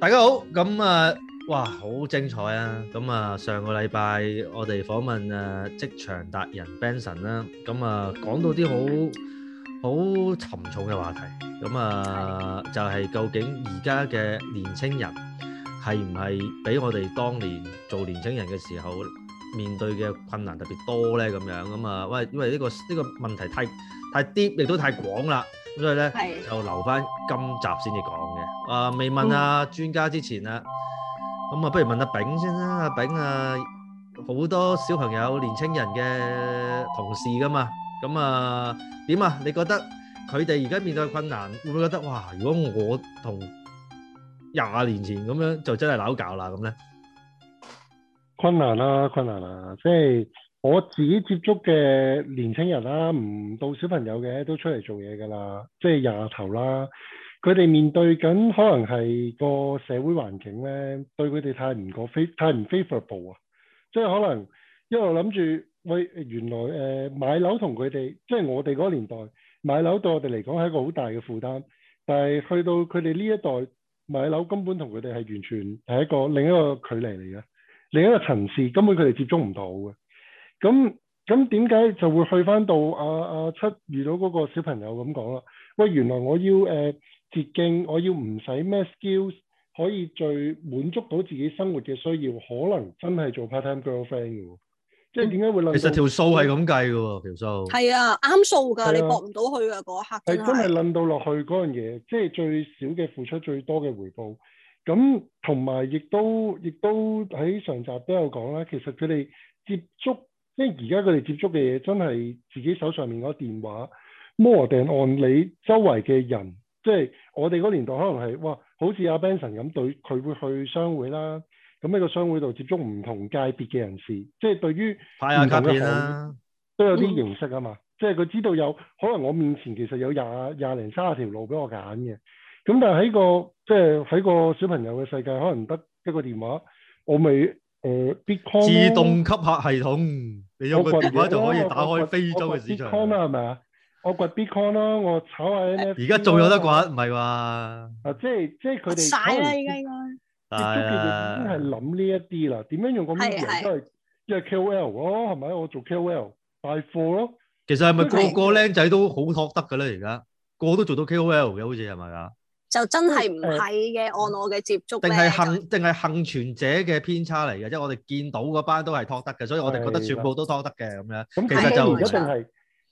大家好，咁啊，哇，好精彩啊！咁啊，上個禮拜我哋訪問誒、啊、職場達人 Benson 啦，咁啊，講到啲好好沉重嘅話題，咁啊，的就係究竟而家嘅年青人係唔係比我哋當年做年青人嘅時候面對嘅困難特別多咧？咁樣，咁啊，喂，因為呢個呢個問題太太 deep 亦都太廣啦，咁的所以咧，的就留翻今集先至講。啊，未問阿專家之前啊，咁啊，不如問阿炳先啦。阿炳啊，好多小朋友、年青人嘅同事噶嘛，咁啊，點啊？你覺得佢哋而家面對困難，會唔會覺得哇？如果我同廿年前咁樣，就真係扭搞啦咁咧？困難啦，困難啦，即係我自己接觸嘅年青人啦，唔到小朋友嘅都出嚟做嘢噶啦，即係廿頭啦。佢哋面對緊可能係個社會環境咧，對佢哋太唔個非太唔 favorable 啊！即係可能一路諗住喂，原來誒、呃、買樓同佢哋，即係我哋嗰年代買樓對我哋嚟講係一個好大嘅負擔，但係去到佢哋呢一代買樓根本同佢哋係完全係一個另一個距離嚟嘅，另一個層次，根本佢哋接觸唔到嘅。咁咁點解就會去翻到阿阿、啊啊、七遇到嗰個小朋友咁講啦？喂，原來我要誒。呃捷徑，我要唔使咩 skills，可以最滿足到自己生活嘅需要，可能真係做 part time girlfriend 嘅。即係點解會論？其實條數係咁計嘅喎，條數。係啊，啱數㗎，啊、你搏唔到去啊嗰一刻。係真係論到落去嗰樣嘢，即係最少嘅付出，最多嘅回報。咁同埋亦都亦都喺上集都有講啦。其實佢哋接觸，即係而家佢哋接觸嘅嘢，真係自己手上面嗰個電話摩羅定按你周圍嘅人。即係我哋嗰年代，可能係哇，好似阿 Benson 咁，對佢會去商會啦。咁喺個商會度接觸唔同界別嘅人士，即係對於唔同界別啦，都有啲認識啊嘛。即係佢知道有可能我面前其實有廿廿零三十條路俾我揀嘅。咁但係喺個即係喺個小朋友嘅世界，可能得一個電話，我咪誒。呃、Bitcoin，自動吸客系統，你用個電話就可以打開非洲嘅市場。我掘 bitcoin 咯，我炒下 NFT 而家仲有得掘，唔係啩？啊，即係即係佢哋曬啦，而家應該接觸嘅已經係諗呢一啲啦。點樣用個 mindset 即係 KOL 咯，係咪？我做 KOL 帶貨咯。其實係咪個個僆仔都好托得㗎咧？而家個個都做到 KOL 嘅，好似係咪㗎？就真係唔係嘅，欸、按我嘅接觸。定係幸定係幸存者嘅偏差嚟嘅，即係我哋見到嗰班都係托得嘅，所以我哋覺得全部都託得嘅咁樣。咁睇下而家定係。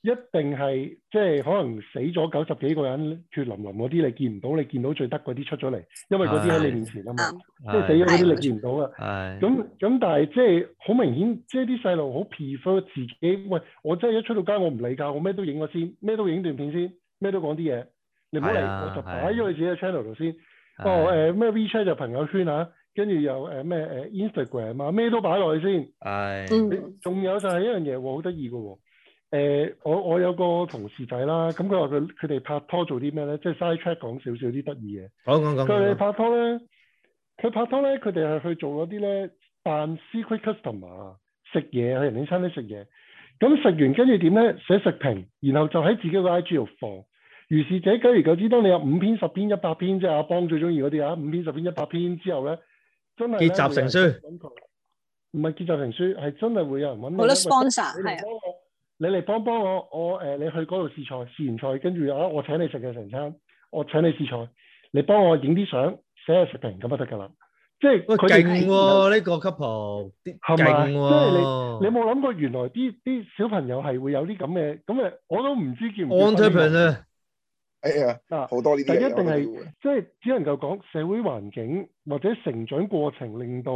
一定係即係可能死咗九十幾個人血淋淋嗰啲你見唔到，你見到最得嗰啲出咗嚟，因為嗰啲喺你面前啊嘛，即係死咗嗰啲你見唔到啊。咁咁但係即係好明顯，即係啲細路好 prefer 自己。喂，我真係一出到街我唔理㗎，我咩都影咗的先，咩都影段片先，咩都講啲嘢。你唔好嚟我就擺咗喺自己嘅 channel 度先。哦誒咩 WeChat 就朋友圈啊，跟住又誒咩誒 Instagram 啊，咩、呃呃、都擺落去先。係，仲有就係一樣嘢喎，好得意㗎喎。Corpses, 誒、呃、我我有個同事仔啦，咁佢話佢佢哋拍拖做啲咩咧？即係 side chat 講少少啲得意嘢。講講講。佢哋拍拖咧，佢拍拖咧，佢哋係去做嗰啲咧，扮 secret customer，食嘢喺人哋餐廳食嘢。咁食完跟住點咧？寫食評，然後就喺自己個 IG 度放。如是者久而久之，當你有五篇、十篇、一百篇，即係阿邦最中意嗰啲啊，五篇、十篇、一百篇之後咧，真係結集成書。唔係結集成書，係真係會有人揾你。好多 sponsor 係啊。你嚟幫幫我，我誒、呃，你去嗰度試菜，試完菜跟住啊，我請你食嘅成餐，我請你試菜，你幫我影啲相，寫下食評咁就得噶啦。即係佢哋，呢、哦呢個 couple，勁喎，哦、即係你你冇諗過原來啲啲小朋友係會有啲咁嘅咁嘅，我都唔知叫唔叫。On 咧，哎呀，好多呢啲，但一定係要即係只能夠講社會環境或者成長過程令到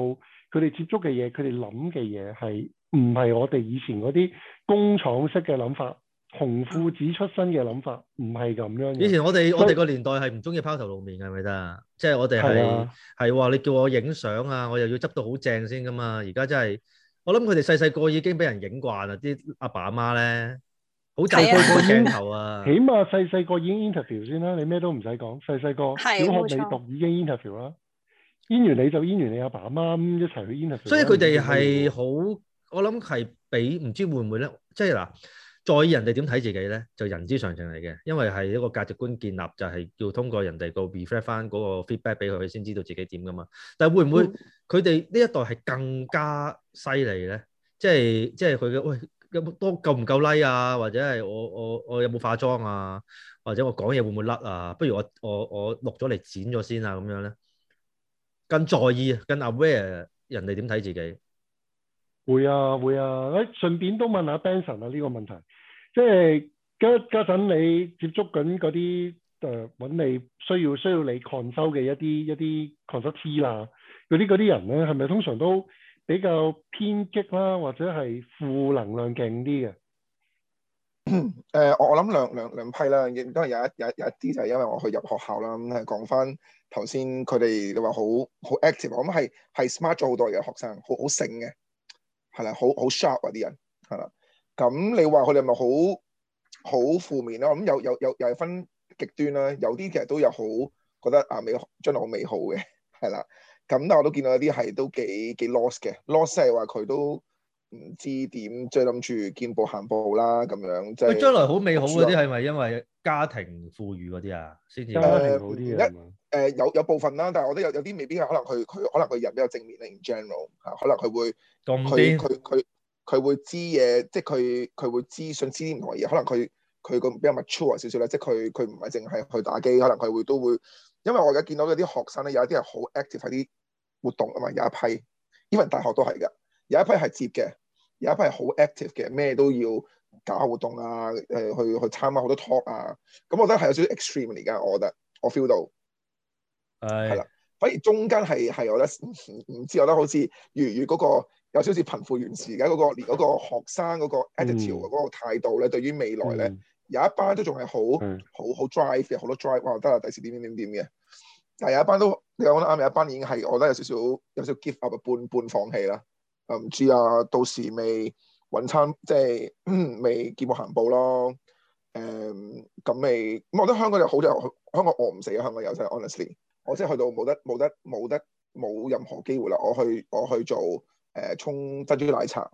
佢哋接觸嘅嘢，佢哋諗嘅嘢係。唔係我哋以前嗰啲工廠式嘅諗法，紅褲子出身嘅諗法，唔係咁樣。以前我哋以我哋個年代係唔中意拋頭露面嘅，係咪得？即係我哋係係話你叫我影相啊，我又要執到好正先噶嘛。而家真係，我諗佢哋細細個已經俾人影慣啦。啲阿爸阿媽咧，好就開開鏡頭啊。啊嗯、起碼細細個已經 interview 先啦，你咩都唔使講。細細個小學你讀已經 interview 啦，interview 你就 interview 你阿爸阿媽一齊去 interview。所以佢哋係好。 我諗係俾唔知會唔會咧，即係嗱，在意人哋點睇自己咧，就人之常情嚟嘅，因為係一個價值觀建立就係要通過人哋個 reflect 翻嗰個 feedback 俾佢，佢先知道自己點噶嘛。但係會唔會佢哋呢一代係更加犀利咧？即係即係佢嘅喂，有冇多夠唔夠 like 啊？或者係我我我有冇化妝啊？或者我講嘢會唔會甩啊？不如我我我錄咗嚟剪咗先啊？咁樣咧，更在意、更 aware 人哋點睇自己。會啊，會啊！誒、啊，順便都問下 Benson 啊，呢、這個問題，即係家家陣你接觸緊嗰啲誒揾你需要需要你抗修嘅一啲一啲 concept 啦，嗰啲嗰啲人咧係咪通常都比較偏激啦、啊，或者係負能量勁啲嘅？誒、嗯呃，我我諗兩兩，兩批啦，亦都係有一有一一啲就係因為我去入學校啦，咁、嗯、係講翻頭先佢哋你話好好 active，我諗係係 smart 咗好多嘅學生，好好醒嘅。係啦，好好 sharp 啊啲人，係啦。咁你話佢哋係咪好好負面咧、啊？咁有有有又係分極端啦。有啲、啊、其實都有好覺得啊美，將來好美好嘅，係啦。咁但我都見到一啲係都幾幾 lost 嘅，lost 係話佢都。唔知點，即係諗住見步行步啦咁樣，佢、即係、將來好美好嗰啲係咪因為家庭富裕嗰啲啊？家庭好啲啊？誒、嗯嗯，有有部分啦，但係我覺得有有啲未必係，可能佢佢可能佢人比較正面啦，in general 吓，可能佢會，佢佢佢佢會知嘢，即係佢佢會資訊知啲唔同嘅嘢，可能佢佢個比較 mature 少少咧，即係佢佢唔係淨係去打機，可能佢會都會，因為我而家見到有啲學生咧，有一啲係好 active 喺啲活動啊嘛，有一批 even 大學都係嘅，有一批係接嘅。有一班係好 active 嘅，咩都要搞活動啊，誒去去參加好多 talk 啊，咁、嗯、我覺得係有少少 extreme 嚟㗎，我覺得我 feel 到係啦 Aye.。反而中間係係我覺得唔、嗯、知我覺得好似粵語嗰個有少少貧富懸殊嘅嗰個連嗰、嗰個嗰個學生嗰個 attitude 嗰個態度咧，mm. 對於未來咧，mm. 有一班都仲係、mm. 好好好 drive，嘅，好多 drive，哇我覺得啦，第時點點點點嘅。但係有一班都你覺得啱嘅，有一班已經係我覺得有少少有少 give up 嘅半半放棄啦。唔知啊，到時未揾餐，即係未 見步行步咯。誒、嗯，咁未，我覺得香港有好就香港餓唔死啊！香港有真，honestly，我即係去到冇得冇得冇得冇任何機會啦。我去我去做誒、呃、沖珍珠奶茶，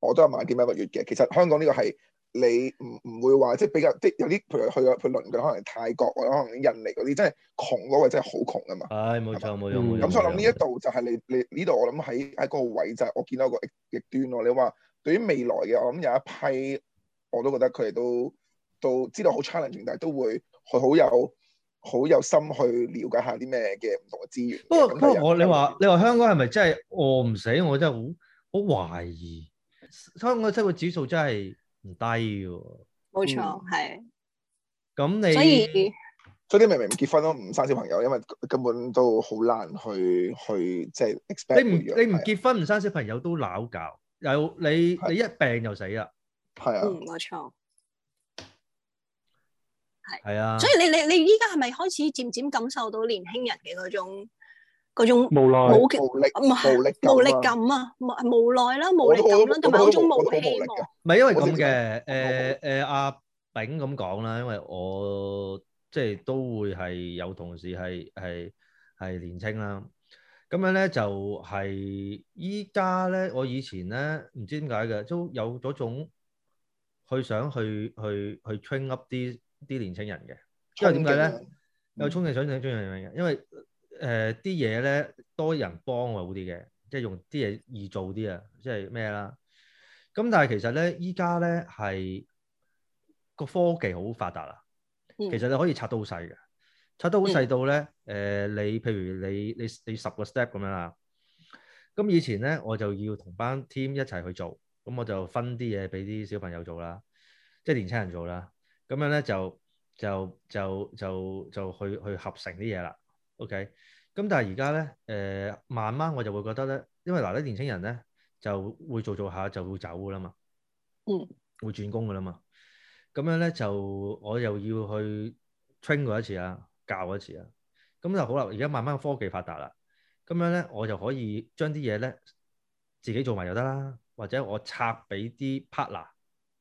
我都係萬幾蚊一個月嘅。其實香港呢個係。你唔唔會話即係比較啲有啲，譬如去咗去輪嘅，可能泰國或者可能印尼嗰啲，真係窮攞，或真係好窮㗎嘛？係，冇錯，冇錯，冇咁所以諗呢一度就係你你呢度我諗喺喺個位就我見到個極端咯。你話對於未來嘅，我諗有一批我都覺得佢哋都都知道好 challenge，但係都會佢好有好有心去了解下啲咩嘅唔同嘅資源。不過不過，我你話你話香港係咪真係餓唔死？我真係好好懷疑香港嘅生活指數真係。唔低喎，冇錯，係。咁你所以所以啲明明唔結婚咯，唔生小朋友，因為根本都好難去去即係。你唔你唔結婚唔生小朋友都惱搞，又你你一病就死啦。係啊，冇錯，係係啊。所以你你你依家係咪開始漸漸感受到年輕人嘅嗰種？嗰種無奈、無力、唔係無力感啊，無無奈啦，無力感啦，同埋嗰種無希望。唔係因為咁嘅，誒誒阿炳咁講啦，因為我即係都會係有同事係係係年青啦。咁樣咧就係依家咧，我以前咧唔知點解嘅，都有咗種去想去去去 train up 啲啲年青人嘅。因為點解咧？有衝勁想請年青人嘅，因為。.誒啲嘢咧，多人幫我，好啲嘅，即係用啲嘢易做啲啊，即係咩啦？咁但係其實咧，依家咧係個科技好發達啦，其實你可以拆到好細嘅，拆到好細到咧，誒你、嗯呃、譬如你你你，你十個 step 咁樣啦。咁以前咧我就要一班一同班 team 一齊去做，咁我就分啲嘢俾啲小朋友做啦，即係年青人做啦。咁樣咧就就就就就，就，就去去合成啲嘢啦。OK，咁但係而家咧，誒、呃，慢慢我就會覺得咧，因為嗱啲年輕人咧就會做做下就會走噶啦嘛，嗯，會轉工噶啦嘛，咁樣咧就我又要去 train 過一次啊，教一次啊，咁就好啦。而家慢慢科技發達啦，咁樣咧我就可以將啲嘢咧自己做埋就得啦，或者我拆俾啲 partner、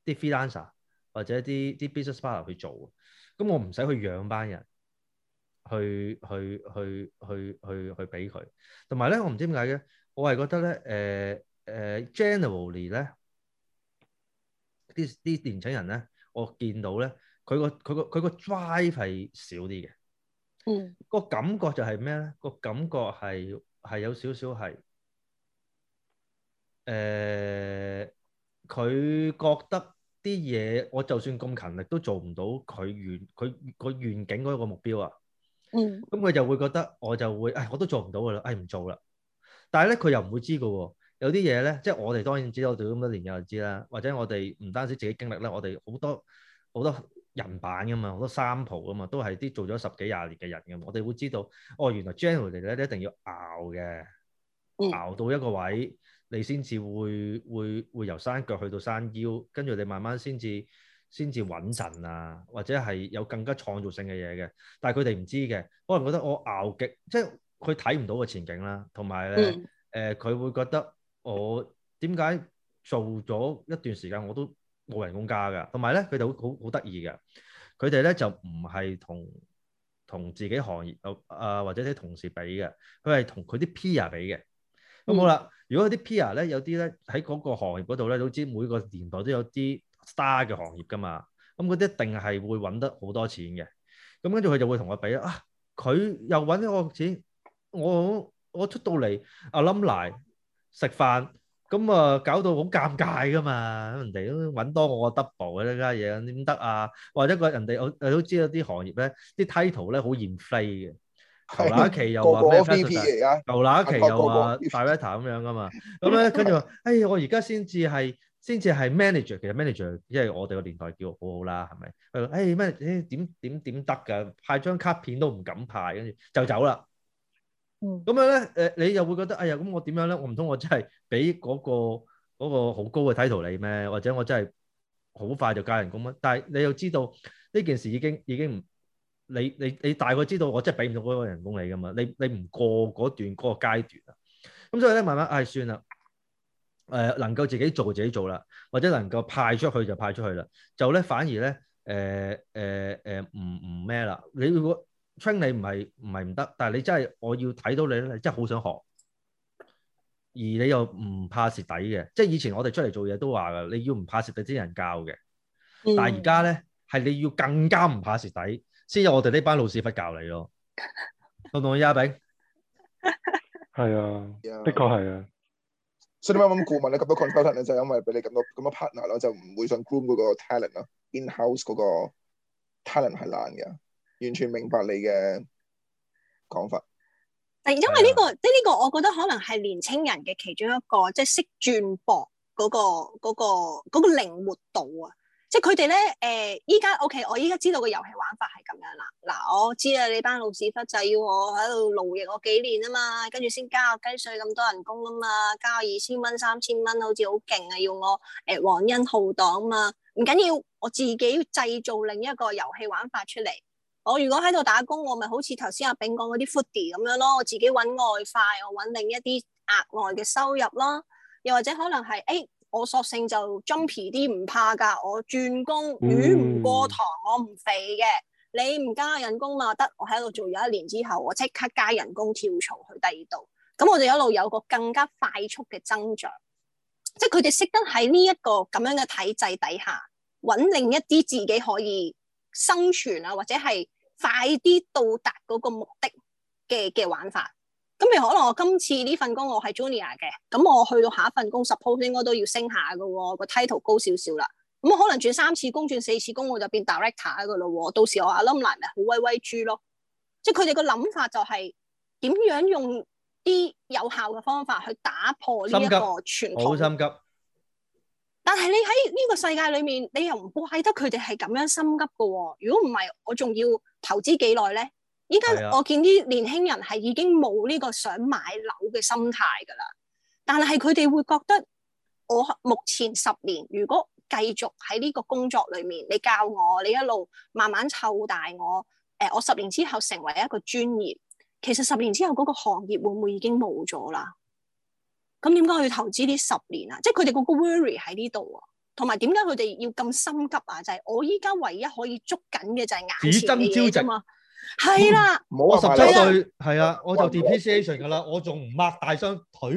啲 freelancer 或者啲啲 business partner 去做，咁我唔使去養班人。去去去去去去俾佢，同埋咧，我唔知點解嘅，我係覺得咧，誒誒，generally 咧啲啲年青人咧，我見到咧，佢個佢個佢個 drive 係少啲嘅，嗯，個感覺就係咩咧？個感覺係係有少少係誒，佢覺得啲嘢，我就算咁勤力都做唔到佢願佢佢願景嗰個目標啊！嗯，咁佢就會覺得我就會，哎，我都做唔到噶啦，哎，唔做啦。但係咧，佢又唔會知噶喎，啊。有啲嘢咧，即係我哋當然知道，我做咗咁多年嘅人知啦。或者我哋唔單止自己經歷咧，我哋好多好多人板噶嘛，好多 sample 噶嘛，都係啲做咗十幾廿年嘅人嘅，我哋會知道，哦，原來 journal 嚟咧，一定要熬嘅，嗯、熬到一個位，你先至會會會由山腳去到山腰，跟住你慢慢先至。先至穩陣啊，或者係有更加創造性嘅嘢嘅。但係佢哋唔知嘅，可能覺得我熬極，即係佢睇唔到個前景啦。同埋咧，誒佢、嗯呃、會覺得我點解做咗一段時間我都冇人工加㗎。呢呢同埋咧，佢哋好好好得意嘅。佢哋咧就唔係同同自己行業啊、呃、或者啲同事比嘅，佢係同佢啲 peer 比嘅。咁、嗯、好啦，如果啲 peer 咧有啲咧喺嗰個行業嗰度咧，總之每個年代都有啲。star 嘅行業㗎嘛，咁佢一定係會揾得好多錢嘅。咁跟住佢就會同我比啊，佢又揾咗我個錢，我我出到嚟，阿冧嚟食飯，咁啊搞到好尷尬㗎嘛。人哋都揾多我個 double 嘅呢家嘢點得啊？或者個人哋好，我都知道啲行業咧，啲 title 咧好嫌廢嘅，牛乸期又話咩？牛乸期又話大 weather 咁樣㗎嘛。咁咧跟住話，哎我而家先至係。先至係 manager，其實 manager，因為我哋個年代叫好好啦，係咪？誒、哎，咩？誒點點得㗎？派張卡片都唔敢派，跟住就走啦。咁、嗯、樣咧，誒你又會覺得，哎呀，咁我點樣咧？我唔通我真係俾嗰個好、那個、高嘅 title 你咩？或者我真係好快就加人工乜？但係你又知道呢件事已經已經唔，你你你大概知道我真係俾唔到嗰個人工你噶嘛？你你唔過嗰段嗰、那個階段啊。咁、嗯、所以咧，慢慢，哎，算啦。誒能夠自己做自己做啦，或者能夠派出去就派出去啦。就咧反而咧誒誒誒唔唔咩啦。你如果 train 你唔係唔係唔得，但係你真係我要睇到你咧，你真係好想學，而你又唔怕蝕底嘅。即係以前我哋出嚟做嘢都話噶，你要唔怕蝕底先有人教嘅。但係而家咧係你要更加唔怕蝕底，先有我哋呢班老師忽教你咯。老董阿炳係啊，的確係啊。 所以點解咁顧問你揼到 contract 咧，就係因為俾你咁多咁多 partner 咯，就唔會想 groom 嗰個 talent 咯，in-house 嗰個 talent 係爛嘅，完全明白你嘅講法。係因為呢個即係呢個，我覺得可能係年青人嘅其中一個，即係識轉博嗰個嗰個嗰個靈活度啊。即係佢哋咧，誒依家 OK，我依家知道個遊戲玩法係咁樣啦。嗱，我知啦，你班老屎忽就要我喺度勞役我幾年啊嘛，跟住先加我雞碎咁多人工啊嘛，加我二千蚊三千蚊，好似好勁啊，要我誒皇恩浩蕩嘛。唔緊要，我自己製造另一個遊戲玩法出嚟。我如果喺度打工，我咪好似頭先阿炳講嗰啲 Fudi 咁樣咯，我自己揾外快，我揾另一啲額外嘅收入咯，又或者可能係誒。欸我索性就 jumpy 啲，唔怕噶。我轉工，魚唔過塘，我唔肥嘅。你唔加人工嘛、啊？得我喺度做咗一年之後，我即刻加人工跳槽去第二度。咁我哋一路有一個更加快速嘅增長。即係佢哋識得喺呢一個咁樣嘅體制底下，搵另一啲自己可以生存啊，或者係快啲到達嗰個目的嘅嘅玩法。咁咪可能我今次呢份工我係 Junior 嘅，咁我去到下一份工，suppose 應該都要升下噶、哦，個 title 高少少啦。咁我可能轉三次工，轉四次工，我就變 Director 噶咯。到時我阿 Lin 咪咪好威威豬咯。即係佢哋個諗法就係點樣用啲有效嘅方法去打破呢一個傳統。好心急。心急但係你喺呢個世界裏面，你又唔怪得佢哋係咁樣心急噶、哦。如果唔係，我仲要投資幾耐咧？依家我見啲年輕人係已經冇呢個想買樓嘅心態㗎喇，但係佢哋會覺得我目前十年，如果繼續喺呢個工作裏面，你教我，你一路慢慢湊大我，誒、呃，我十年之後成為一個專業，其實十年之後嗰個行業會唔會已經冇咗啦？咁點解我要投資呢十年啊？即係佢哋嗰個 worry 喺呢度啊，同埋點解佢哋要咁心急啊？就係、是、我依家唯一可以捉緊嘅就係眼前嘢啊嘛。係啦，我十七歲，係啊，我就 depreciation 噶啦，我仲唔擘大雙腿。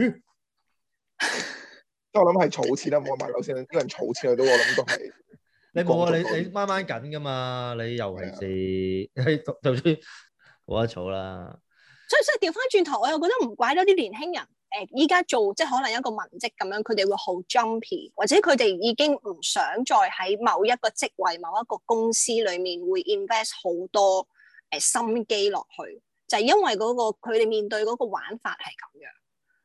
即我諗係儲錢啦，唔好買樓先。啲人儲錢去到，我諗都係。你冇啊，你你掹掹緊噶嘛，你又係先係就算冇得儲啦。所以所以調翻轉頭，我又覺得唔怪得啲年輕人，誒，依家做即係可能一個文職咁樣，佢哋會好 jumpy，或者佢哋已經唔想再喺某一個職位、某一個公司裏面會 invest 好多。誒，心機落去，就係因為嗰個佢哋面對嗰個玩法係咁樣。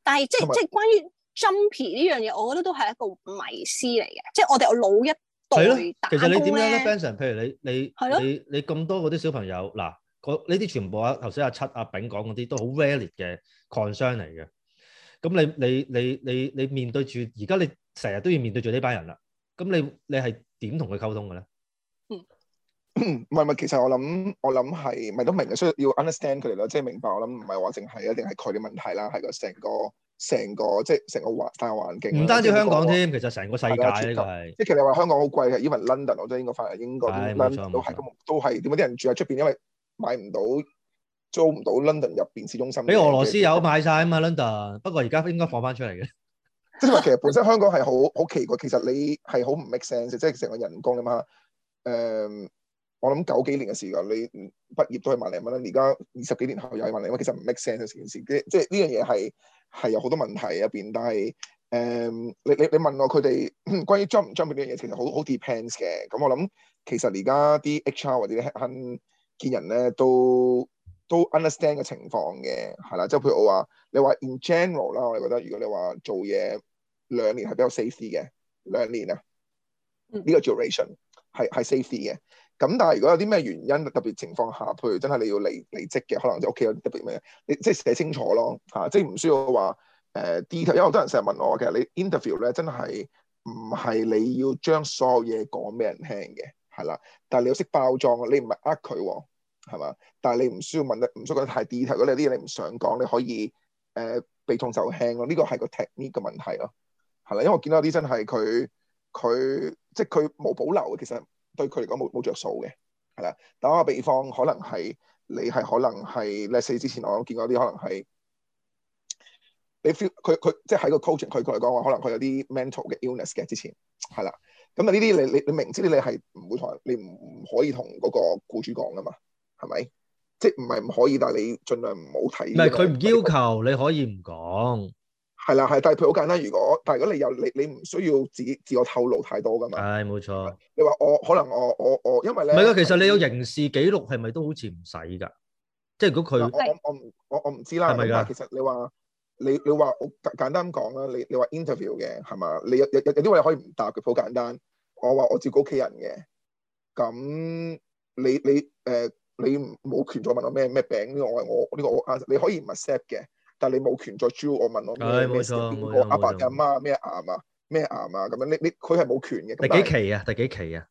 但係即係即係關於 jumpy 呢樣嘢，我覺得都係一個迷思嚟嘅。即係我哋老一代係咯。其實你點樣咧，Benson？譬如你你係咯，你你咁多嗰啲小朋友嗱，嗰呢啲全部啊，頭先阿七阿炳講嗰啲都好 valid 嘅 concern 嚟嘅。咁你你你你你面對住而家你成日都要面對住呢班人啦。咁你你係點同佢溝通嘅咧？唔係唔係，其實我諗我諗係，咪都明嘅，所以要 understand 佢哋咯，即係明白。我諗唔係話淨係一定係佢哋問題啦，係個成個成個即係成個環大環境。唔單止香港添，個其實成個世界都係。這個，即係其實話香港好貴嘅，even London 我真係應該翻嚟英國。唔錯唔錯，麼錯都係咁，都係點解啲人住喺出邊？因為買唔到，租唔到 London 入邊市中心。你俄羅斯有買晒啊嘛，London。不過而家應該放翻出嚟嘅，即係其實本身香港係好好奇怪，其實你係好唔 make sense，即係成個人工啊嘛。誒、嗯。我諗九幾年嘅時間，你畢業都係萬零蚊啦。而家二十幾年後又係萬零蚊，其實唔 make sense 嘅件事。即係呢樣嘢係係有好多問題入邊，但係誒，你你你問我佢哋關於 job 唔 job 呢樣嘢，其實好好 depends 嘅。咁我諗其實而家啲 HR 或者啲肯見人咧，都都 understand 嘅情況嘅，係啦。即係譬如我話，你話 in general 啦，我哋覺得如果你話做嘢兩年係比較 safety 嘅，兩年啊，呢、嗯、個 duration 係係 safety 嘅。咁但係如果有啲咩原因特別情況下，譬如真係你要離離職嘅，可能就屋企有特別咩，你即係寫清楚咯，嚇、啊！即係唔需要話誒 detail，因為好多人成日問我，其實你 interview 咧真係唔係你要將所有嘢講俾人聽嘅，係啦。但係你要識包裝，你唔係呃佢喎，係嘛？但係你唔需要問得，唔需要太 detail。如果啲嘢你唔想講，你可以誒避重就輕咯。呢個係個 technique 嘅問題咯，係啦。因為我見到有啲真係佢佢即係佢冇保留嘅其實。對佢嚟講冇冇着數嘅，係啦，打個比方，可能係你係可能係 last year 之前我見過啲可能係你 feel 佢佢即係喺個 coaching 佢佢嚟講話可能佢有啲 mental 嘅 illness 嘅之前係啦，咁啊呢啲你你你，你明知呢你係唔會同你唔可以同嗰個僱主講噶嘛，係咪？即係唔係唔可以，但係你盡量唔好睇。唔係佢唔要求，你可以唔講。係啦，係，但係佢好簡單，如果但係如果你有你你唔需要自己自我透露太多噶嘛。係、哎，冇錯。你話我可能我我我，因為咧唔係啦，其實你有刑事記錄係咪都好似唔使噶？即係如果佢我我我唔我唔知啦。係咪噶？其實你話你你話好簡單講啦，你你話 interview 嘅係嘛？你，你有有有有啲位可以唔答佢好簡單。我話我照顧屋企人嘅，咁你你誒、呃、你冇權再問我咩咩病呢？我係我呢個我，我，這個我，我，這個、我你可以唔 set 嘅。但係你冇權再追我問我咩？我阿伯阿媽咩癌啊，咩癌啊咁樣，你你佢係冇權嘅。第幾期啊？第幾期啊？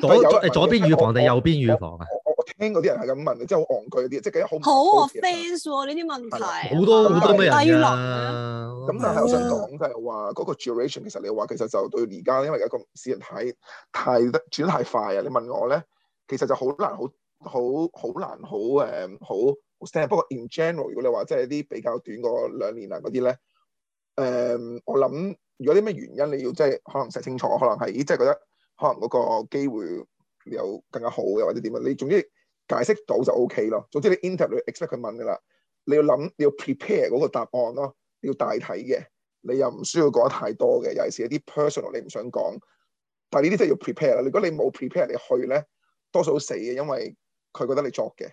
左左邊預防定右邊預防啊？我我聽嗰啲人係咁問，真係好戇居啲，即係幾好。好 face 喎呢啲問題。好多好多咩人啊？咁但係我想講就係話嗰個 duration 其實你話其實就對而家，因為而家個市場太太轉得太快啊！你問我咧，其實就好難好好好難好誒好。不過，in general，如果你話即係啲比較短個兩年啊嗰啲咧，誒、嗯，我諗如果啲咩原因你要即係可能寫清楚，可能係即係覺得可能嗰個機會有更加好嘅，或者點啊？你總之解釋到就 OK 咯。總之你 interview expect 佢問嘅啦，你要諗，你要 prepare 嗰個答案咯，你要大體嘅，你又唔需要講得太多嘅，尤其是一啲 personal 你唔想講，但係呢啲真係要 prepare 啦。如果你冇 prepare 你去咧，多數死嘅，因為佢覺得你作嘅。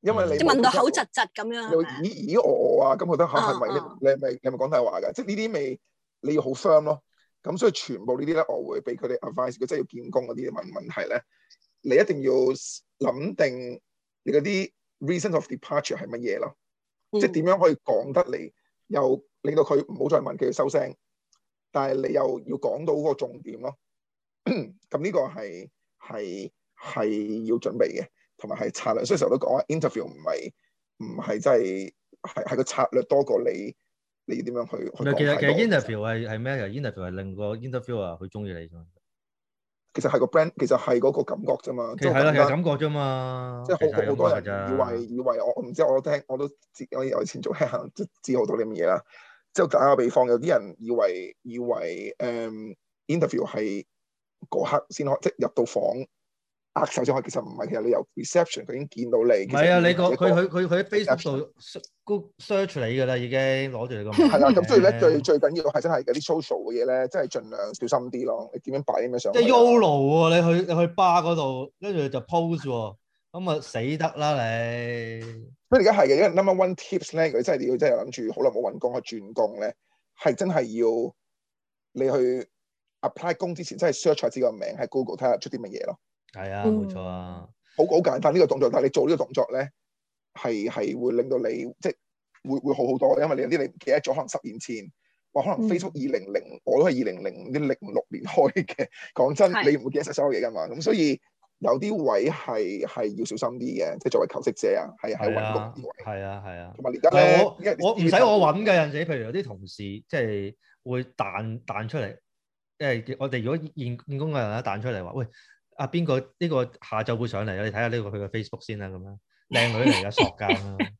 因為你到問到口窒窒咁樣，又會咦咦我啊，咁覺得嚇係咪你係咪你係咪講大話嘅？啊、即係呢啲咪，你要好 firm 咯。咁所以全部呢啲咧，我會俾佢哋 advise 佢真係要見工嗰啲問問題咧，你一定要諗定你嗰啲 reason of departure 係乜嘢咯？嗯、即係點樣可以講得嚟，又令到佢唔好再問佢收聲，但係你又要講到嗰個重點咯。咁呢個係係係要準備嘅。同埋係策略，所以成日都講 interview 唔係唔係真係係係個策略多過你，你要點樣去？去其實其實 interview 係係咩啊？interview 係令個 interview 啊，佢中意你其實係個 brand，其實係嗰個感覺啫嘛。其實係感覺啫嘛。即係好多好多人以為以為我唔知，我聽我都知我以前做 client 知好多啲咁嘢啦。之後打個比方，有啲人以為以為誒、嗯、interview 係嗰刻先開，即係入到房。首先我其實唔係，其實你由 reception 佢已經見到你。唔係啊！你講佢佢佢佢喺 Facebook 度 search 你㗎喇，已經攞住你咁。係啦，咁所以咧最最緊要係真係嗰啲 social 嘅嘢咧，真係盡量小心啲咯。你點樣擺啲咩上？即係 yolo、啊、你去你去，你去 bar 嗰度，跟住就 pose 咁啊死得啦你！所以而家係嘅，因為 number one tips 咧，佢真係要真係諗住好耐冇揾工去轉工咧，係真係要你去 apply 工之前，真係 search 下自己個名喺 Google 睇下出啲乜嘢咯。係啊，冇錯啊，好好簡單呢個動作，但係你做呢個動作咧，係係會令到你即係會會好好多，因為你有啲你唔記得咗可能十年前，話可能 Facebook 二零零，我都係二零零啲零六年開嘅，講真，你唔會記得晒所有嘢㗎嘛，咁所以有啲位係係要小心啲嘅，即係作為求職者啊，係係搵工啲位，係啊係啊，同埋而家我我唔使我搵嘅，陣時譬如有啲同事即係會彈彈出嚟，即係我哋如果現工嘅人咧彈出嚟話喂。啊，邊個呢個下晝會上嚟啊？你睇下呢個佢個 Facebook 先啦，咁樣靚女嚟噶，索㗎啦。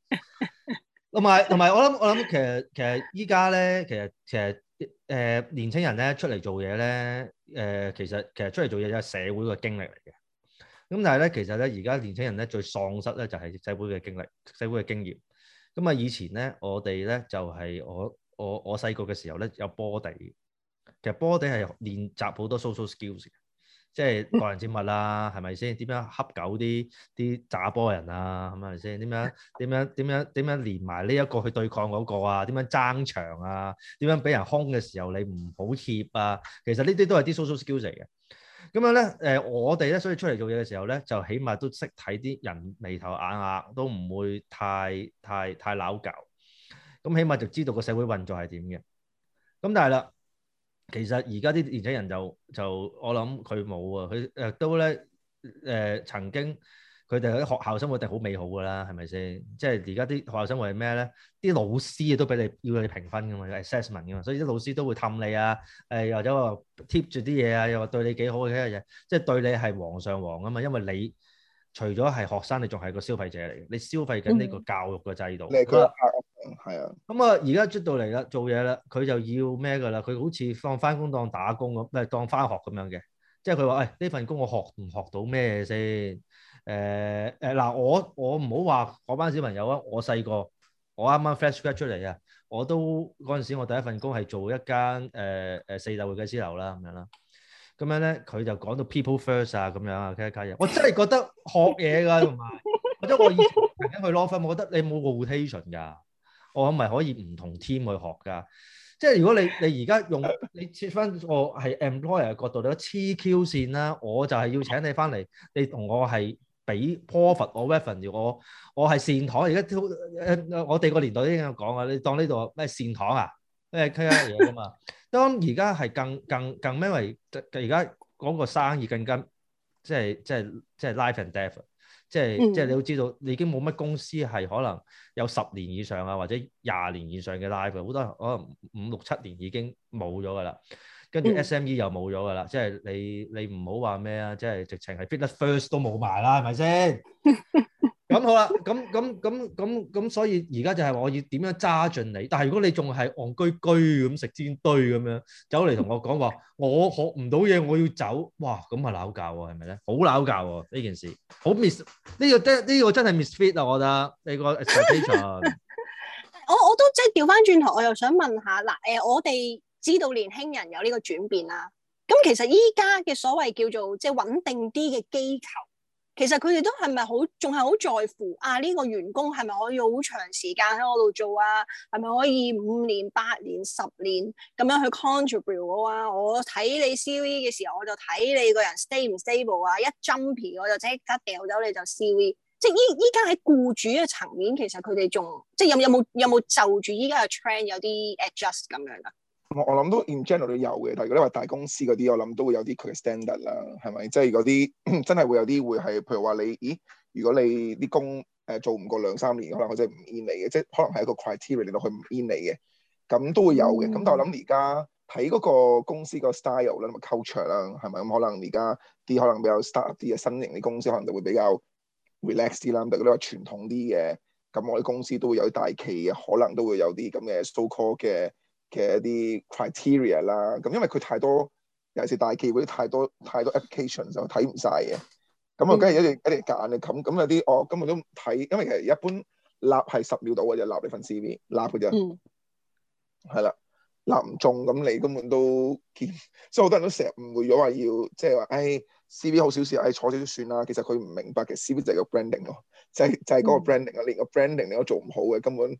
同埋同埋，我諗我諗，其實其實依家咧，其實其實誒、呃、年青人咧出嚟做嘢咧，誒、呃、其實其實出嚟做嘢就係社會嘅經歷嚟嘅。咁但係咧，其實咧而家年青人咧最喪失咧就係社會嘅經歷、社會嘅經驗。咁啊，以前咧我哋咧就係、是、我我我細個嘅時候咧有波地，其實波地係練習好多 social skills。即係待人接物啦、啊，係咪先？點樣恰狗啲啲渣波人啊？咁係咪先？點樣點樣點樣點樣連埋呢一個去對抗嗰個啊？點樣爭場啊？點樣俾人兇嘅時候你唔好怯啊？其實呢啲都係啲 social skills 嚟嘅。咁樣咧，誒我哋咧，所以出嚟做嘢嘅時候咧，就起碼都識睇啲人眉頭眼額，都唔會太太太攪舊。咁起碼就知道個社會運作係點嘅。咁但係啦。其實而家啲年青人就就我諗佢冇啊，佢誒都咧誒、呃、曾經佢哋喺學校生活定好美好噶啦，係咪先？即係而家啲學校生活係咩咧？啲老師都俾你要你評分噶嘛，assessment 噶嘛，所以啲老師都會氹你啊，誒、呃、又或者話貼住啲嘢啊，又話對你幾好嘅一樣嘢，即係對你係皇上皇啊嘛，因為你除咗係學生，你仲係個消費者嚟，你消費緊呢個教育嘅制度。嗯係啊，咁啊、嗯，而家出到嚟啦，做嘢啦，佢就要咩噶啦？佢好似放翻工當打工咁，唔係當翻學咁樣嘅。即係佢話，誒、哎、呢份工我學唔學到咩先？誒、呃、誒，嗱、呃呃，我我唔好話嗰班小朋友啊。我細個，我啱啱 fresh grad 出嚟啊，我都嗰陣時我第一份工係做一間誒誒四大會計師樓啦，咁樣啦。咁樣咧，佢就講到 people first 啊，咁樣啊 care 我真係覺得學嘢噶，同埋或者我以前去 law firm 我覺得你冇 motivation 噶。我係咪可以唔同 team 去學噶，即係如果你你而家用你切翻我係 employer 角度，你黐 Q 線啦，我就係要請你翻嚟，你同我係俾 profit 我 revenue，我我係善堂，而家誒我哋個年代已經有講啊，你當呢度咩善堂啊，咩傾下嘢噶嘛，當而家係更更更咩？為而家講個生意更加。即係即係即係 life and death，即係、嗯、即係你都知道，你已經冇乜公司係可能有十年以上啊，或者廿年以上嘅 life，好多可能五六七年已經冇咗噶啦，跟住 SME 又冇咗噶啦，即係你你唔好話咩啊，即係直情係 fit first 都冇埋啦，係咪先？ 咁好啦，咁咁咁咁咁，所以而家就係我要點樣揸盡你。但係如果你仲係戇居居咁食煎堆咁樣走嚟同我講話，我學唔到嘢，我要走，哇！咁啊，鬧教啊，係咪咧？好鬧教呢件事，好 miss 呢個真呢個真係 misfit 啊！我覺得你個 我我都即係調翻轉頭，我又想問下嗱，誒，我哋知道年輕人有呢個轉變啦。咁其實依家嘅所謂叫做即係穩定啲嘅機構。其實佢哋都係咪好，仲係好在乎啊？呢、這個員工係咪可以好長時間喺我度做啊？係咪可以五年、八年、十年咁樣去 contribute 我啊？我睇你 CV 嘅時候，我就睇你個人 stay 唔 stable 啊！一 j 皮我就即刻掉走，你就 CV。即係依依家喺雇主嘅層面，其實佢哋仲即係有有冇有冇就住依家嘅 t r a i n 有啲 adjust 咁樣啊？我我諗都 in general 都有嘅，但係如果你話大公司嗰啲，我諗都會有啲佢嘅 standard 啦，係咪？即係嗰啲真係會有啲會係，譬如話你，咦？如果你啲工誒、呃、做唔過兩三年，可能我真係唔 in 你嘅，即係可能係一個 criteria 嚟、mm hmm. 到去唔 in 你嘅，咁都會有嘅。咁但係我諗而家睇嗰個公司個 style 咧，咁啊 culture 啦，係咪？咁、嗯、可能而家啲可能比較 start 啲嘅新型啲公司，可能就會比較 relax 啲啦。但係如果你話傳統啲嘅，咁我哋公司都會有啲大企，可能都會有啲咁嘅 so call 嘅。嘅一啲 criteria 啦，咁因為佢太多，尤其是大機會太多太多 application 就睇唔晒嘅，咁我梗係一定、嗯、一定夾硬嚟冚，咁有啲我、哦、根本都唔睇，因為其實一般立係十秒度嘅，就立你份 CV 立嘅啫，係啦、嗯，立唔中咁你根本都見，即係好多人都成日誤會咗話要即係話，唉，CV 好少少，唉，坐少少算啦。其實佢唔明白嘅 CV 就係個 branding 咯、就係，就係就係嗰個 branding 啊、嗯，連個 branding 你都做唔好嘅，根本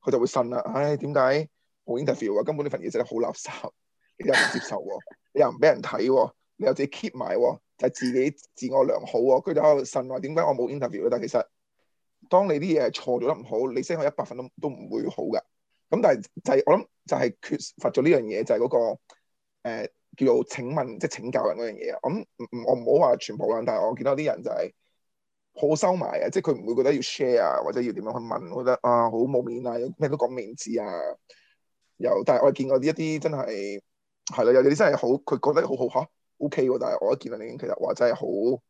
佢就會信啦。唉，點解？冇 interview 嘅、啊、根本呢份嘢真係好垃圾，啊、 你又唔接受喎，你又唔俾人睇喎、啊，你又自己 keep 埋喎，就係、是、自己自我良好喎、啊。佢哋喺度呻話點解我冇 interview 咧、啊？但係其實當你啲嘢錯咗得唔好，你升去一百分都都唔會好㗎。咁但係就係、是、我諗就係缺乏咗呢樣嘢，就係、是、嗰、那個、呃、叫做請問即係請教人嗰樣嘢啊。我唔我唔好話全部啦，但係我見到啲人就係好收埋啊，即係佢唔會覺得要 share 啊，或者要點樣去問，我覺得啊好冇面啊，咩都講面子啊。有，但係我見過呢一啲真係係咯，有啲真係好，佢覺得好好吓，OK 喎。但係我一見到你已經其實話真係好，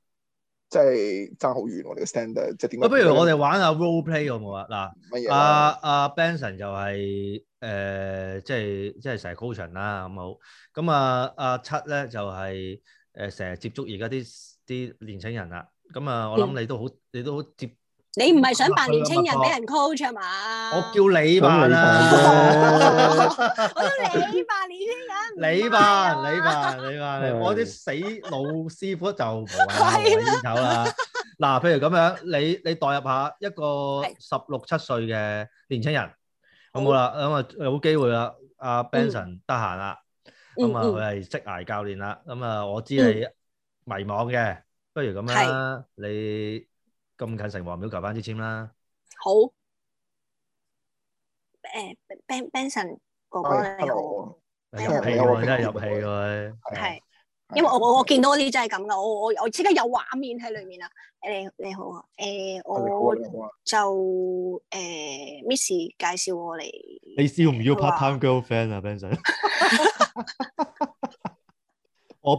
即係爭好遠喎。呢個 standard 即係點？啊，ard, 不如我哋玩下 role play 好唔好麼啊？嗱、啊，乜嘢阿阿 Benson 就係、是、誒，即係即係成日 coaching 啦咁好。咁啊，阿、啊、七咧就係、是、誒，成、呃、日接觸而家啲啲年青人啦。咁啊，我諗你都好、嗯，你都接。你唔係想扮年青人俾人 coach 係嘛？我叫你扮啊！我要你扮年青人，你扮，你扮，你扮，我啲死老師傅就唔好插手啦。嗱，譬如咁樣，你你代入下一個十六七歲嘅年青人，好冇啦？咁啊，有機會啦，阿 Benson 得閒啦，咁啊，佢係職涯教練啦，咁啊，我知你迷惘嘅，不如咁啦，你。.咁近城隍廟求翻支簽啦！好，誒，Ben，Benson 哥哥你好，入戲真係入戲嘅咪，係，因為我我我見到啲真係咁噶，我我我即刻有畫面喺裏面啦，你你好啊，誒，我我就誒，Miss 介紹我嚟，你需要唔要 part time girlfriend 啊，Benson？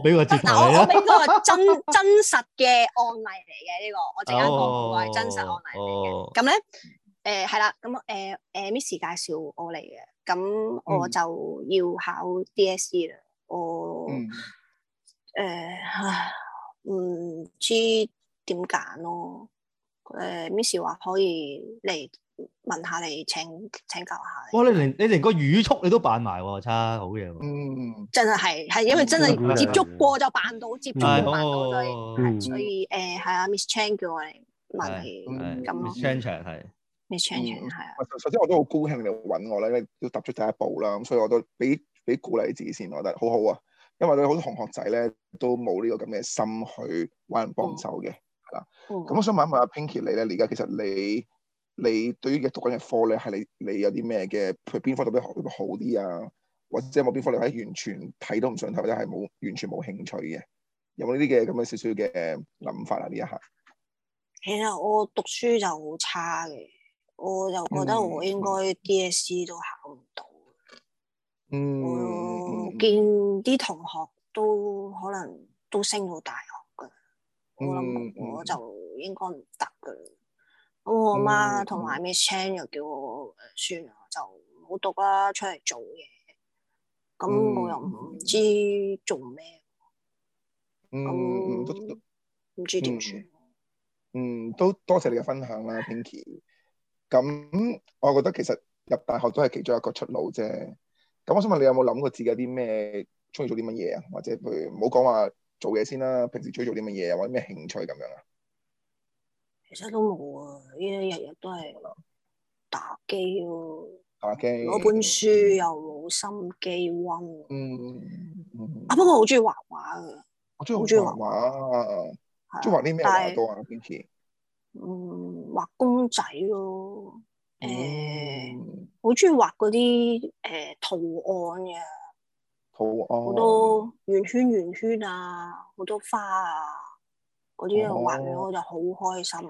俾個，嗱我講俾嗰個真 真實嘅案例嚟嘅呢個，我陣間講個係真實案例嚟嘅。咁咧， 誒係啦，咁誒誒 Miss 介紹我嚟嘅，咁我就要考 DSE 啦。我誒唔知點揀咯。誒 Miss 話可以嚟。問下你，請請教下。哇、哦！你連你連個語速你都扮埋，差好嘢、啊。嗯，真係係係因為真係接觸過就扮到 的接觸，扮到是、哦、所以、嗯、所誒係啊、呃、，Miss Chang 叫我嚟問咁咯。Chan Chan 係，Miss Chang Chan 係。首先我都好高興你搵我咧，你要踏出第一步啦，所以我都俾俾鼓勵自己先，我覺得好好啊。因為佢好多同學仔咧都冇呢個咁嘅心去搵人幫手嘅。咁、嗯嗯、我想問一問阿 Pinky 你咧，你而家其實你？你你對於嘅讀緊嘅科咧，係你你有啲咩嘅？譬如邊科讀邊學會好啲啊？或者有冇邊科你係完全睇都唔想睇，或者係冇完全冇興趣嘅？有冇呢啲嘅咁嘅少少嘅諗法啊？呢一下，其實我讀書就好差嘅，我就覺得我應該 DSE 都考唔到。嗯，我見啲同學都可能都升到大學㗎，我諗我就應該唔得㗎。哦、我阿媽同埋 Miss Chan 又叫我誒、嗯呃、算啦，就唔好讀啦，出嚟做嘢。咁我又唔知做咩，唔唔知點算。嗯，都多謝你嘅分享啦，Pinky。咁、嗯、Pink 我覺得其實入大學都係其中一個出路啫。咁我想問你有冇諗過自己有啲咩中意做啲乜嘢啊？或者譬如唔好講話做嘢先啦，平時中意做啲乜嘢啊？或者咩興趣咁樣啊？其實天天都冇啊，依家日日都係咯，打機咯，打機嗰本書又冇心機溫、啊嗯，嗯，啊不過畫畫我好中意畫畫噶，我最中意畫畫。中意畫啲咩畫多啊？平時，是畫嗯，畫公仔咯、啊，誒、嗯，好中意畫嗰啲誒圖案嘅圖案，好多圓圈圓圈啊，好多花啊。嗰啲畫咗我、哦、就好開心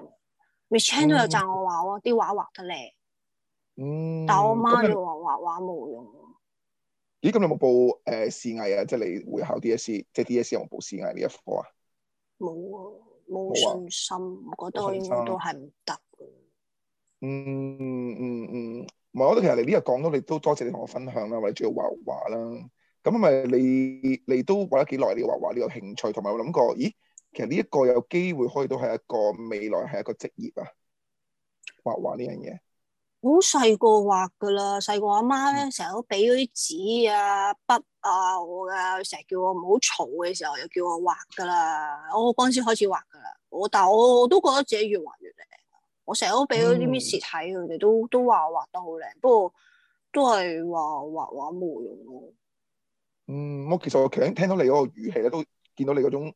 Mitchell 都有讚我話我啲畫畫得靚，嗯、但我媽要話畫畫冇用。咦？咁你有冇報誒視藝啊？即、就、係、是、你會考 DSE，即係 DSE 有冇報視藝呢一科啊？冇啊，冇信心，啊、我覺得我應該都係唔得嗯嗯嗯嗯，唔、嗯、係、嗯嗯、我覺得其實你呢日講到你都多謝，謝你同我分享啦，或者中意畫畫啦，咁咪你你，你都畫咗幾耐？你畫畫你、這個、有興趣，同埋有諗過咦？其實呢一個有機會可以到係一個未來，係一個職業啊！畫畫呢樣嘢，好細個畫噶啦，細個阿媽咧成日都俾嗰啲紙啊筆啊我嘅，成日叫我唔好嘈嘅時候又叫我畫噶啦，我嗰陣先開始畫噶啦。我但係我，我都覺得自己越畫越靚，我成日都俾嗰啲 Miss 睇佢哋都都話我畫得好靚，不過都係話畫畫冇用咯。嗯，我，我，我畫畫嗯，其實我其實聽到你嗰個語氣咧，都見到你嗰種。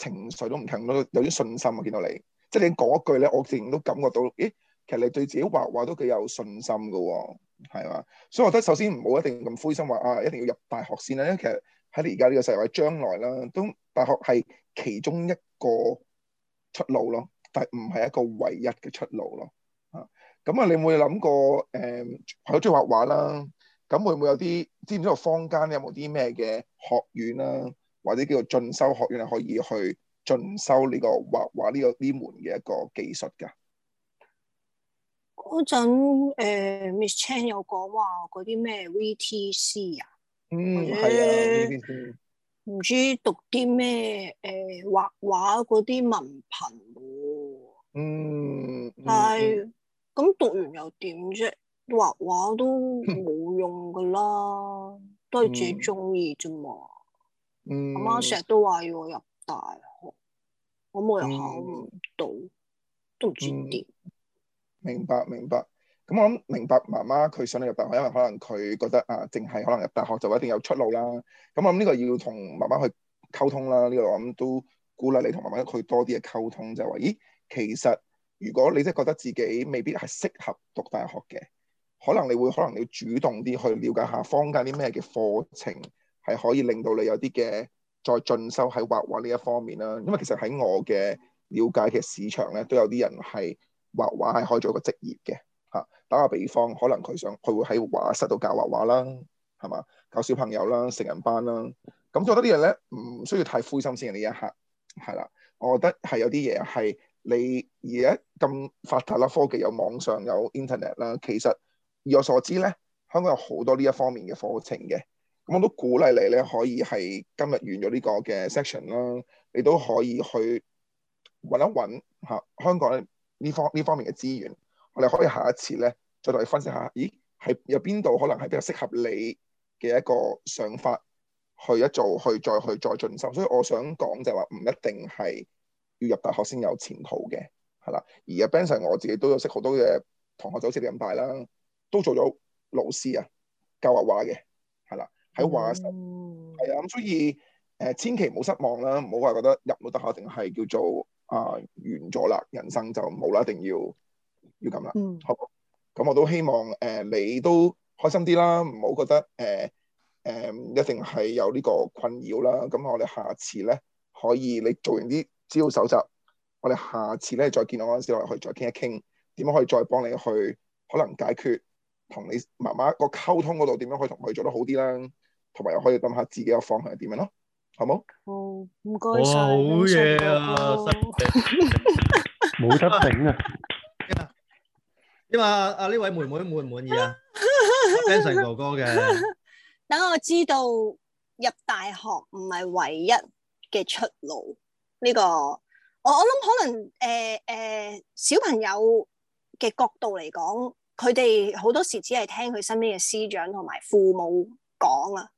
情緒都唔同咯，都有啲信心啊！見到你，即係你講一句咧，我自然都感覺到，咦，其實你對自己畫畫都幾有信心嘅喎，係嘛？所以我覺得首先唔好一定咁灰心，話啊一定要入大學先啦。因為其實喺你而家呢個世界，將來啦都大學係其中一個出路咯，但係唔係一個唯一嘅出路咯。啊，咁啊，你會諗過誒，係好中意畫畫啦。咁會唔會有啲知唔知道坊間有冇啲咩嘅學院啦？或者叫做進修學院係可以去進修呢個畫畫呢個呢門嘅一個技術噶。嗰陣誒，Miss Chan 有講話嗰啲咩 VTC 啊，嗯係啊，唔、呃、VTC、唔知讀啲咩誒畫畫嗰啲文憑喎、嗯。嗯，嗯但係咁讀完又點啫？畫畫都冇用噶啦， 都係自己中意啫嘛。嗯，阿媽成日都話要我入大學，我冇又考唔到，嗯、都唔知點。明白明白，咁、嗯、我諗明白媽媽佢想你入大學，因為可能佢覺得啊，淨、呃、係可能入大學就一定有出路啦。咁我諗呢個要同媽媽去溝通啦。呢、這個我諗都鼓勵你同媽媽佢多啲嘅溝通，就係話咦，其實如果你真係覺得自己未必係適合讀大學嘅，可能你會可能要主動啲去了解下坊間啲咩嘅課程。係可以令到你有啲嘅再進修喺畫畫呢一方面啦、啊，因為其實喺我嘅了解嘅市場咧，都有啲人係畫畫係開咗個職業嘅嚇、啊。打個比方，可能佢想佢會喺畫室度教畫畫啦，係嘛，教小朋友啦、成人班啦。咁我覺得呢樣咧唔需要太灰心先嘅呢一刻，係啦，我覺得係有啲嘢係你而家咁發達啦，科技有網上有 Internet 啦，其實以我所知咧，香港有好多呢一方面嘅課程嘅。我都鼓勵你咧，可以係今日完咗呢個嘅 section 啦，你都可以去揾一揾嚇香港呢方呢方面嘅資源。我哋可以下一次咧，再同你分析下，咦係有邊度可能係比較適合你嘅一個想法去一做，去再去再進修。所以我想講就係話，唔一定係要入大學先有前途嘅，係啦。而啊 Ben 我自己都有識好多嘅同學走咗你咁大啦，都做咗老師啊，教畫畫嘅。喺話係啊，咁、mm hmm. 所以誒、呃，千祈唔好失望啦，唔好話覺得入到大學，定係叫做啊、呃、完咗啦，人生就冇啦，一定要要咁啦。Mm hmm. 好咁、嗯，我都希望誒、呃，你都開心啲啦，唔好覺得誒誒、呃呃，一定係有呢個困擾啦。咁、嗯、我哋下次咧可以你做完啲資料搜集，我哋下次咧再見我嗰陣時，我哋可以再傾一傾點樣可以再幫你去可能解決同你媽媽個溝通嗰度點樣可以同佢做得好啲啦。同埋又可以諗下自己個方向係點樣咯、啊，好冇？好唔該好嘢啊，冇得頂啊！點啊？呢位妹妹滿唔滿意啊 Benson 哥哥嘅，等 我知道 入大學唔係唯一嘅出路。呢、呢個我我諗可能誒誒、呃呃呃、小朋友嘅角度嚟講，佢哋好多時只係聽佢身邊嘅師長同埋父母講啊。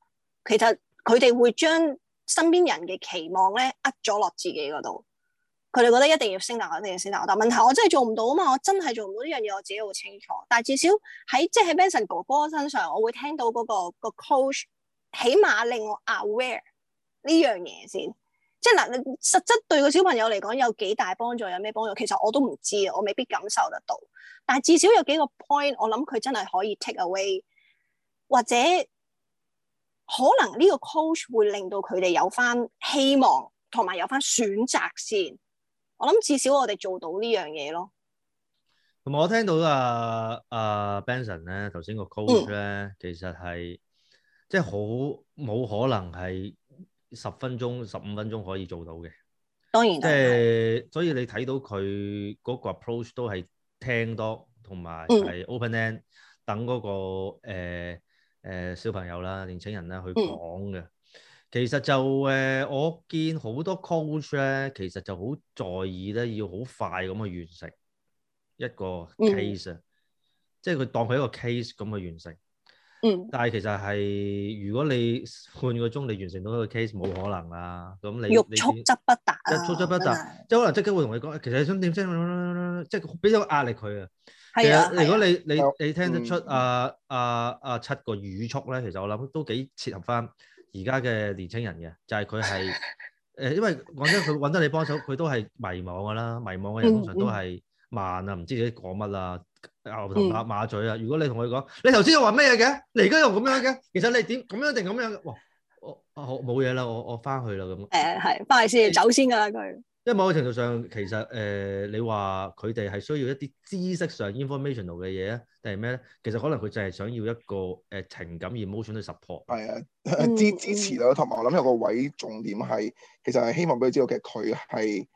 其實佢哋會將身邊人嘅期望咧，呃咗落自己嗰度。佢哋覺得一定要升達，一定要升達，但係問題我真係做唔到啊嘛！我真係做唔到呢樣嘢，我自己好清楚。但係至少喺即係喺 Benson 哥哥身上，我會聽到嗰、嗰個、嗰個 coach，起碼令我 aware 呢樣嘢先。即係嗱，你實質對個小朋友嚟講有幾大幫助，有咩幫助？其實我都唔知啊，我未必感受得到。但係至少有幾個 point，我諗佢真係可以 take away 或者。可能呢個 coach 會令到佢哋有返希望，同埋有返選擇先。我諗至少我哋做到呢樣嘢咯。同埋我聽到啊、啊 Benson 咧頭先個 coach 咧，其實係、嗯、即係好冇可能係十分鐘、十五分鐘可以做到嘅。當然，即係是是所以你睇到佢嗰個 approach 都係聽多，同埋係 open end 等嗰、嗯那個、呃誒、呃，小朋友啦，年青人啦，去講嘅、嗯呃，其實就誒，我見好多 coach 咧，其實就好在意咧，要好快咁去完成一個 case 啊、嗯，即係佢當佢一個 case 咁去完成。嗯。但係其實係，如果你半個鐘你完成到一個 case，冇可能啦。咁你你欲速則不達啊！欲速則不達，啊、即係可能即刻會同你講，其實你想點先，即係俾到壓力佢啊。其實，如果你、啊、你你聽得出阿阿阿七個語速咧，其實我諗都幾切合翻而家嘅年輕人嘅，就係佢係誒， 因為講真，佢揾得你幫手，佢都係迷惘噶啦。迷惘嘅人通常都係慢啊，唔知自己講乜啦，牛頭馬馬嘴啊。如果你同佢講，你頭先又話咩嘢嘅，你而家又咁樣嘅，其實你點咁樣定咁樣嘅？哇，我啊好冇嘢啦，我我翻去啦咁。誒係，唔、嗯、翻去先，走先㗎啦佢。因為某個程度上，其實誒、呃，你話佢哋係需要一啲知識上 informational 嘅嘢啊，定係咩咧？其實可能佢就係想要一個誒情感 emotional 嘅 support。係、嗯、 啊，支支持咯。同埋我諗有個位重點係，其實係希望俾佢知道，其實佢係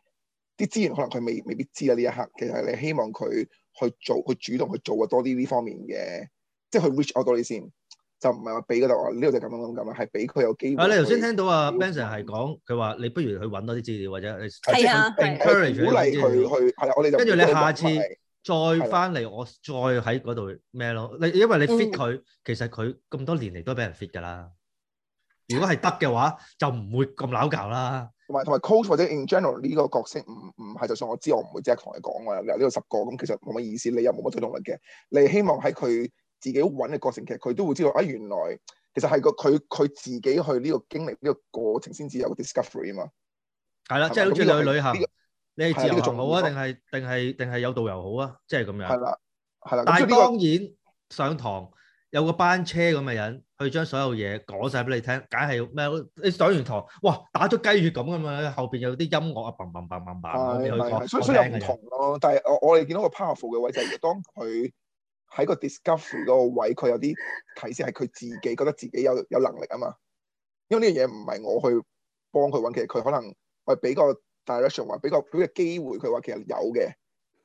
啲資源，可能佢未未必知啦。呢一刻，其實你希望佢去做，佢主動去做啊，多啲呢方面嘅，即係去 reach out 多啲先。就唔係話俾嗰度，呢度就咁樣咁樣，係俾佢有機會。啊，你頭先聽到啊 Benson 係講佢話，演你不如去揾多啲資料，或者你鼓勵啊，鼓勵佢去。係啊，我哋就跟住你下次再翻嚟，啊、我再喺嗰度咩咯？你因為你 fit 佢，嗯、其實佢咁多年嚟都俾人 fit 㗎啦。如果係得嘅話，就唔會咁鬧交啦。同埋同埋 coach 或者 in general 呢個角色，唔唔係就算我知，我唔會即刻同你講啊。由呢度十個咁，其實冇乜意思。你又冇乜推動力嘅，你希望喺佢。嗯自己揾嘅過程，其實佢都會知道啊，原來其實係個佢佢自己去呢個經歷呢個過程先至有個 discovery 啊嘛。係啦，即係好似你去旅行，你係自由行好啊，定係定係定係有導遊好啊？即係咁樣。係啦，係啦。但係當然上堂有個班車咁嘅人去將所有嘢講晒俾你聽，梗係咩？你上完堂，哇，打咗雞血咁啊嘛！後邊有啲音樂啊，嘣嘣嘣，所以又唔同咯。但係我我哋見到個 powerful 嘅位就係當佢。喺個 discovery 嗰個位，佢有啲提示係佢自己覺得自己有有能力啊嘛。因為呢樣嘢唔係我去幫佢揾，其實佢可能我俾個 direction 或俾個俾個機會，佢話其實有嘅，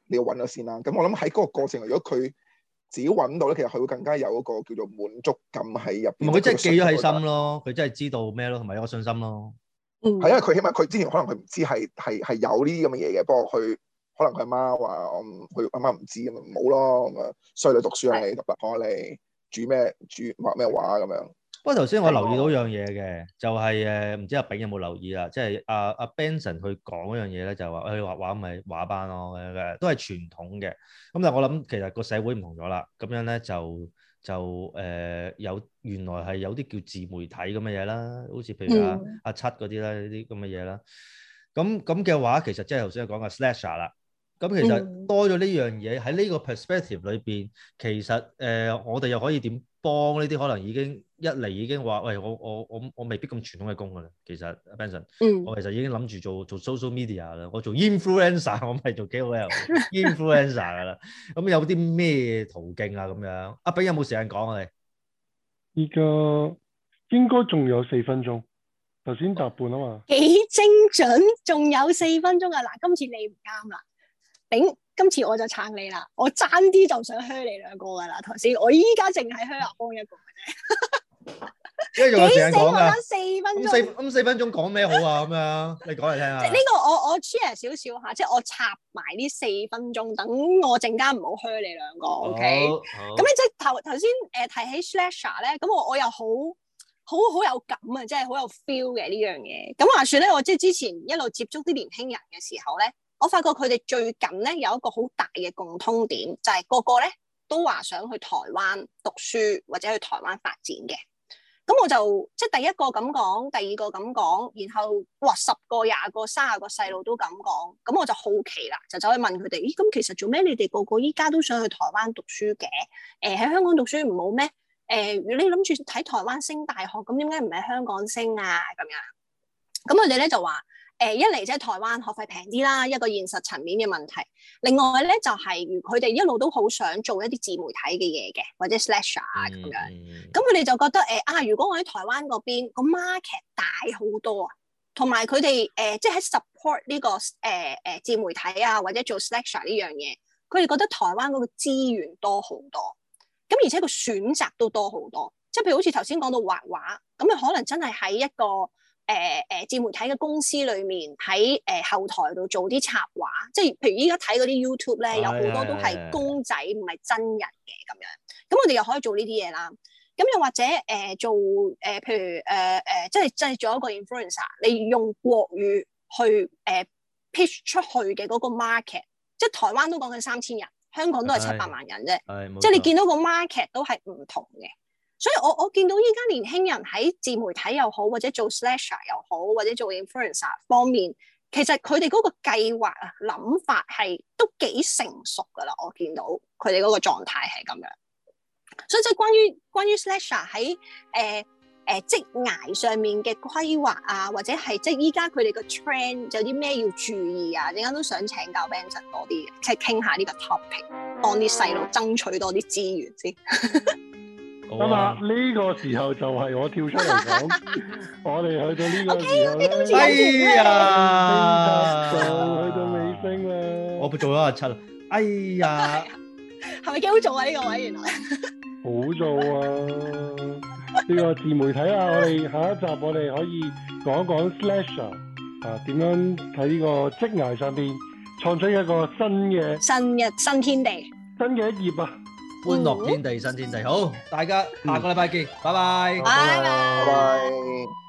你要揾咗先啦。咁我諗喺嗰個過程，如果佢自己揾到咧，其實佢會更加有一個叫做滿足感喺入邊。唔係佢真係記咗喺心咯，佢真係知道咩咯，同埋有個信心咯。嗯，係因為佢起碼佢之前可能佢唔知係係係有呢啲咁嘅嘢嘅，不過佢。可能佢阿媽話佢阿媽唔知咁，冇咯咁樣。衰女讀書啊，你的讀讀我你煮咩煮畫咩畫咁樣。不過頭先我留意到一樣嘢嘅，就係、是、誒，唔知阿炳有冇留意啦？即係阿阿 Benson 去講嗰樣嘢咧，就話誒畫畫咪畫班咯咁樣嘅，都係傳統嘅。咁但係我諗其實個社會唔同咗啦，咁樣咧就就誒、呃、有原來係有啲叫自媒體咁嘅嘢啦，好似譬如阿、啊、阿、嗯啊、七嗰啲啦呢啲咁嘅嘢啦。咁咁嘅話其實即係頭先講嘅 slasher 啦。咁其實多咗呢樣嘢喺呢個 perspective 裏邊，其實誒、呃，我哋又可以點幫呢啲可能已經一嚟，已經話喂，我我我我未必咁傳統嘅工噶啦。其實阿 Benson，嗯、我其實已經諗住做做 social media 啦，我做 influencer，我唔係做 KOL influencer 噶啦。咁有啲咩途徑啊？咁樣，阿 Ben 有冇時間講啊？你而家應該仲有四分鐘，頭先答半啊嘛，幾精準，仲有四分鐘啊？嗱，今次你唔啱啦。今次我就撐你啦，我爭啲就想 hurt 你兩個噶啦，頭先我依家淨係 hurt 阿芳一個嘅啫， 因為仲有四分，四分鐘，咁四,四分鐘講咩好啊？咁樣 你講嚟聽下。呢個我我 share 少少吓，即係我插埋呢四分鐘，等我陣間唔好 hurt 你兩個。OK？好、好。咁你即係頭頭先誒提起 Slasher 咧，咁我我又好好好有感啊，即係好有 feel 嘅呢樣嘢。咁話説咧，我即係之前一路接觸啲年輕人嘅時候咧。我發覺佢哋最近咧有一個好大嘅共通點，就係、是、個個咧都話想去台灣讀書或者去台灣發展嘅。咁我就即係第一個咁講，第二個咁講，然後哇十個、廿個、卅個細路都咁講，咁我就好奇啦，就走去問佢哋：咦，咁其實做咩？你哋個個依家都想去台灣讀書嘅？誒、呃，喺香港讀書唔好咩？呃，如果你諗住喺台灣升大學，咁點解唔喺香港升啊？咁樣，咁佢哋咧就話。誒、呃、一嚟即係台灣學費平啲啦，一個現實層面嘅問題。另外咧就係，佢哋一路都好想做一啲自媒體嘅嘢嘅，或者 slasher 啊咁樣。咁佢哋就覺得誒、呃、啊，如果我喺台灣嗰邊，呃個 market 大好多啊，同埋佢哋誒即係喺 support 呢個誒誒自媒體啊，或者做 slasher 呢樣嘢，佢哋覺得台灣嗰個資源多好多，咁而且個選擇都多好多。即係譬如好似頭先講到畫畫，咁佢可能真係喺一個。誒誒，自、呃呃、媒體嘅公司裏面喺誒、呃、後台度做啲插畫，即係譬如依家睇嗰啲 YouTube 咧，哎、呀有好多都係公仔唔係、哎、呀真人嘅咁樣。咁我哋又可以做呢啲嘢啦。咁又或者誒、呃、做誒、呃，譬如誒誒、呃呃，即係製造一個 influencer，你用國語去誒、呃、pitch 出去嘅嗰個 market，即係台灣都講緊三千人，香港都係七百萬人啫。即係、哎哎、你見到個 market 都係唔同嘅。所以我我見到依家年輕人喺自媒體又好，或者做 slasher 又好，或者做 influencer 方面，其實佢哋嗰個計劃啊、諗法係都幾成熟㗎喇。我見到佢哋嗰個狀態係咁樣。所以即係關於關於 slasher 喺誒誒、呃、職涯、呃、上面嘅規劃啊，或者係即係依家佢哋個 trend 有啲咩要注意啊？陣間都想請教 Benson 多啲，即係傾下呢個 topic，幫啲細路爭取多啲資源先。 咁啊！呢個時候就係我跳出嚟講， 我哋去到呢個時候，okay, okay, 哎呀，就去到尾聲啦。我做咗阿七啦，哎呀，係咪幾好做啊？呢、這個位原來好做啊！呢 個自媒體啊，我哋下一集我哋可以講一講 Slash 啊，點樣喺呢個職涯上邊創出一個新嘅新嘅、新天地，新嘅一頁啊！歡樂天地，新天地。好，好，大家下個禮拜見，拜拜，拜拜。